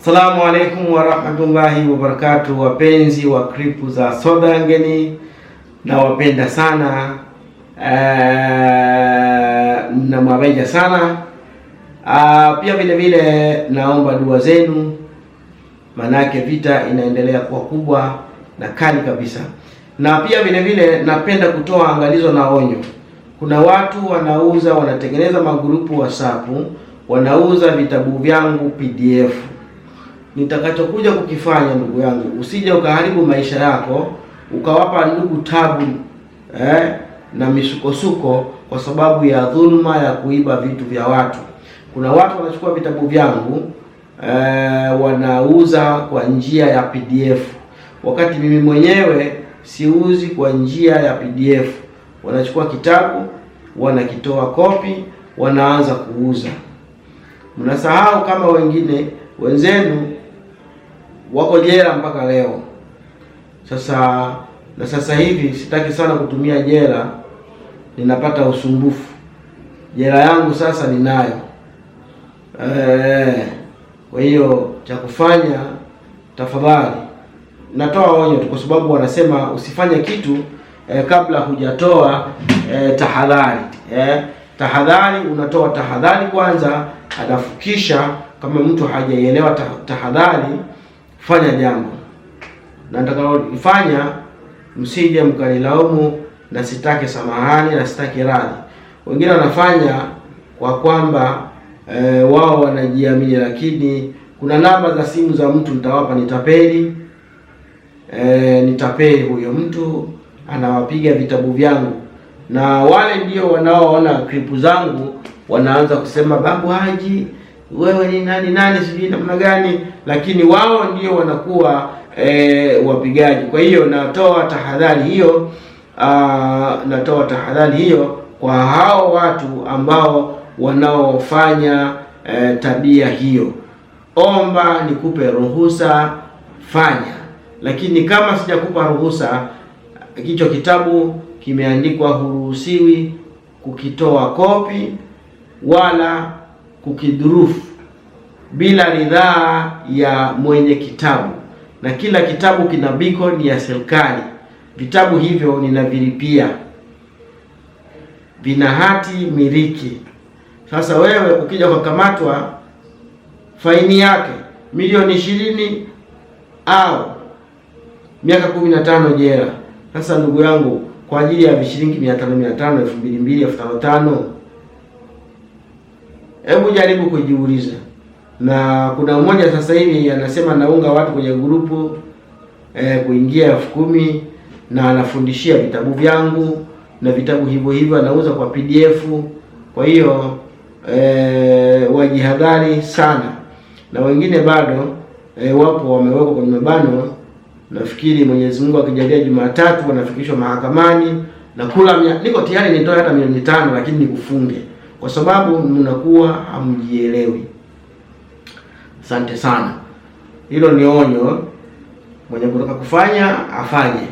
Salamu alaikum warahmatullahi wabarakatu, wapenzi wa kripu za soda ngeni, nawapenda sana eh, na mwabenja sana ah, pia vile vile naomba dua zenu, manake vita inaendelea kuwa kubwa na kali kabisa, na pia vile vile napenda kutoa angalizo na onyo. Kuna watu wanauza, wanatengeneza magrupu sapu wanauza vitabu vyangu PDF nitakachokuja kukifanya ndugu yangu, usije ukaharibu maisha yako ukawapa ndugu tabu eh, na misukosuko kwa sababu ya dhulma ya kuiba vitu vya watu. Kuna watu wanachukua vitabu vyangu eh, wanauza kwa njia ya PDF, wakati mimi mwenyewe siuzi kwa njia ya PDF. Wanachukua kitabu wanakitoa kopi, wanaanza kuuza. Mnasahau kama wengine wenzenu wako jela mpaka leo. Sasa na sasa hivi sitaki sana kutumia jela, ninapata usumbufu. Jela yangu sasa ninayo e. Kwa hiyo cha kufanya, tafadhali, natoa onyo tu, kwa sababu wanasema usifanye kitu eh, kabla hujatoa eh, tahadhari eh, tahadhari. Unatoa tahadhari kwanza, alafu kisha kama mtu hajaielewa tahadhari fanya jambo na nitakaolifanya msije mkanilaumu, na sitaki samahani na sitaki radhi. Wengine wanafanya kwa kwamba e, wao wanajiamini, lakini kuna namba za simu za mtu nitawapa, nitapeli e, nitapeli huyo mtu anawapiga vitabu vyangu, na wale ndio wanaoona klipu zangu wanaanza kusema babu Haji wewe ni nani nani, sijui namna gani, lakini wao ndio wanakuwa e, wapigaji. Kwa hiyo natoa tahadhari hiyo, ah, natoa tahadhari hiyo kwa hao watu ambao wanaofanya e, tabia hiyo. Omba nikupe ruhusa, fanya. Lakini kama sijakupa ruhusa, kicho kitabu kimeandikwa, huruhusiwi kukitoa kopi wala kukidhurufu bila ridhaa ya mwenye kitabu, na kila kitabu kina ni ya serikali. Vitabu hivyo ninavilipia, vina hati miliki. Sasa wewe ukija ukakamatwa, faini yake milioni ishirini au miaka kumi na tano jela. Sasa ndugu yangu, kwa ajili ya vishilingi mia tano mia tano elfu mbili mbili elfu tano tano Hebu jaribu kujiuliza. Na kuna mmoja sasa hivi anasema naunga watu kwenye grupu eh, kuingia elfu kumi na anafundishia vitabu vyangu na vitabu hivyo hivyo anauza kwa PDF. Kwa hiyo eh, wajihadhari sana, na wengine bado eh, wapo wamewekwa kwenye mabano. Nafikiri Mwenyezi Mungu akijalia, Jumatatu wanafikishwa mahakamani na kula mia, niko tayari nitoe hata milioni tano, lakini nikufunge kwa sababu mnakuwa hamjielewi. Asante sana, hilo ni onyo. Mwenye kutaka kufanya afanye,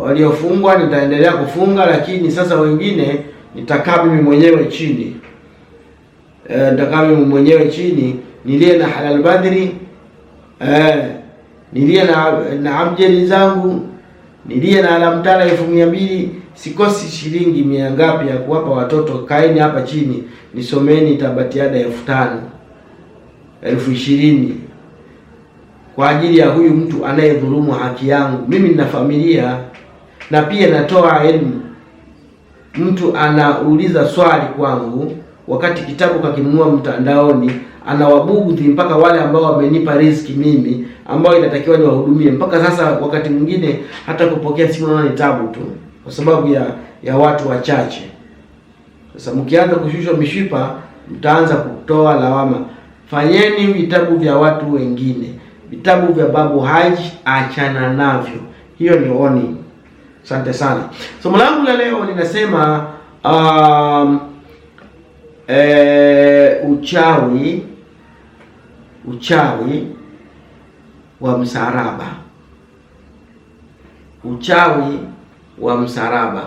waliofungwa nitaendelea kufunga, lakini sasa wengine nitakaa mimi mwenyewe chini e, nitakaa mimi mwenyewe chini nilie na halal badri e, nilie na, na amjeli zangu nilie na alamtala elfu mia mbili sikosi shilingi mia ngapi ya kuwapa watoto. Kaeni hapa chini nisomeni tabatiada elfu tano elfu ishirini kwa ajili ya huyu mtu anayedhulumu haki yangu. Mimi nina familia na pia natoa elimu. Mtu anauliza swali kwangu wakati kitabu kakinunua mtandaoni, anawabughudhi mpaka wale ambao wamenipa riziki mimi ambao inatakiwa ni wahudumie. Mpaka sasa wakati mwingine hata kupokea simu naona ni tabu tu, kwa sababu ya ya watu wachache. Sasa mkianza kushushwa mishipa, mtaanza kutoa lawama. Fanyeni vitabu vya watu wengine, vitabu vya Babu Haji achana navyo. Hiyo ni oni. Asante sana. Somo langu la leo linasema um, e, uchawi uchawi wa msalaba, uchawi wa msalaba.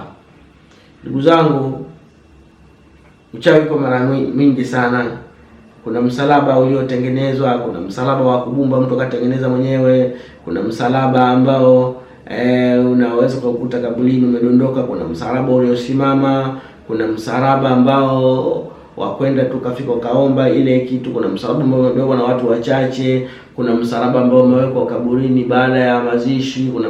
Ndugu zangu, uchawi kwa mara mingi sana. Kuna msalaba uliotengenezwa, kuna msalaba wa kubumba, mtu akatengeneza mwenyewe, kuna msalaba ambao e, unaweza kukuta kabulini umedondoka, kuna msalaba uliosimama, kuna msalaba ambao wakwenda kafika ukaomba ile kitu. Kuna msalaba ambao umewekwa na watu wachache, kuna msalaba ambao umewekwa kaburini baada ya mazishi, kuna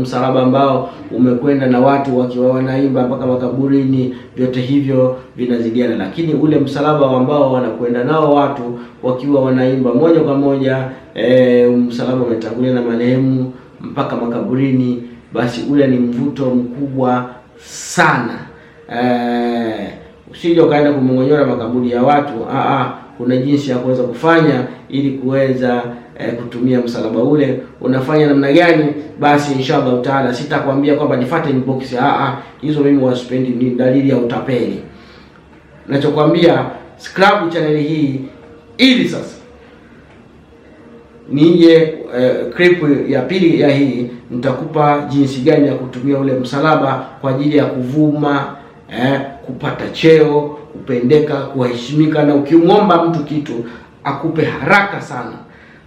msalaba ambao umekwenda na watu wakiwa wanaimba mpaka makaburini. Vyote hivyo vinazidiana, lakini ule msalaba ambao wanakwenda nao watu wakiwa wanaimba moja kwa moja, e, msalaba umetangulia na marehemu mpaka makaburini, basi ule ni mvuto mkubwa sana e, usije ukaenda kumongonyora makaburi ya watu. Aa, ah, ah, kuna jinsi ya kuweza kufanya ili kuweza e, kutumia msalaba ule. Unafanya namna gani? Basi inshallah taala sitakwambia kwamba nifuate inbox. Aa, ah, hizo mimi waspendi, ni dalili ya utapeli. Nachokwambia scrub channel hii ili sasa nije uh, clip ya pili ya hii nitakupa jinsi gani ya kutumia ule msalaba kwa ajili ya kuvuma eh, kupata cheo, kupendeka, kuheshimika, na ukimwomba mtu kitu akupe haraka sana.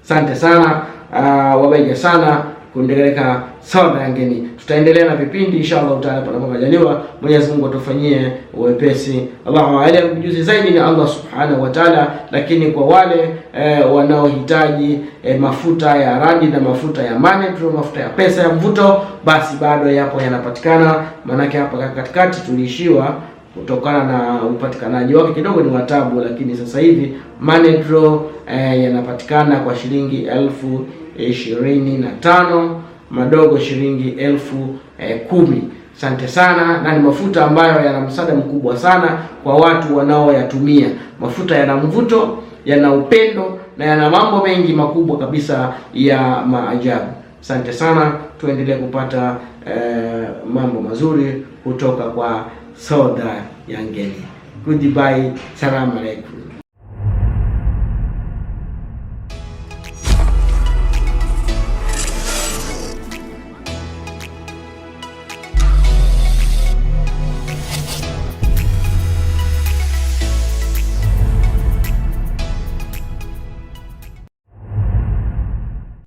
Asante sana, uh, wabeja sana kuendeleka Sawa na Bayangeni. Tutaendelea na vipindi inshallah taala panapo majaliwa. Mwenyezi Mungu atufanyie wepesi. Allahu alam, mjuzi zaidi ni Allah subhanahu wa taala. Lakini kwa wale e, wanaohitaji e, mafuta ya rangi na mafuta ya mane tu mafuta ya pesa ya mvuto, basi bado yapo yanapatikana, maanake hapa katikati tuliishiwa kutokana na upatikanaji wake kidogo ni watabu, lakini sasa hivi manedro eh, yanapatikana kwa shilingi elfu ishirini na tano madogo shilingi elfu eh, kumi. Asante sana, na ni mafuta ambayo yana msaada mkubwa sana kwa watu wanaoyatumia. Mafuta yana mvuto, yana upendo na yana mambo mengi makubwa kabisa ya maajabu. Asante sana, tuendelee kupata eh, mambo mazuri kutoka kwa Soda ya Ngeli. Goodbye, salamu alaikum.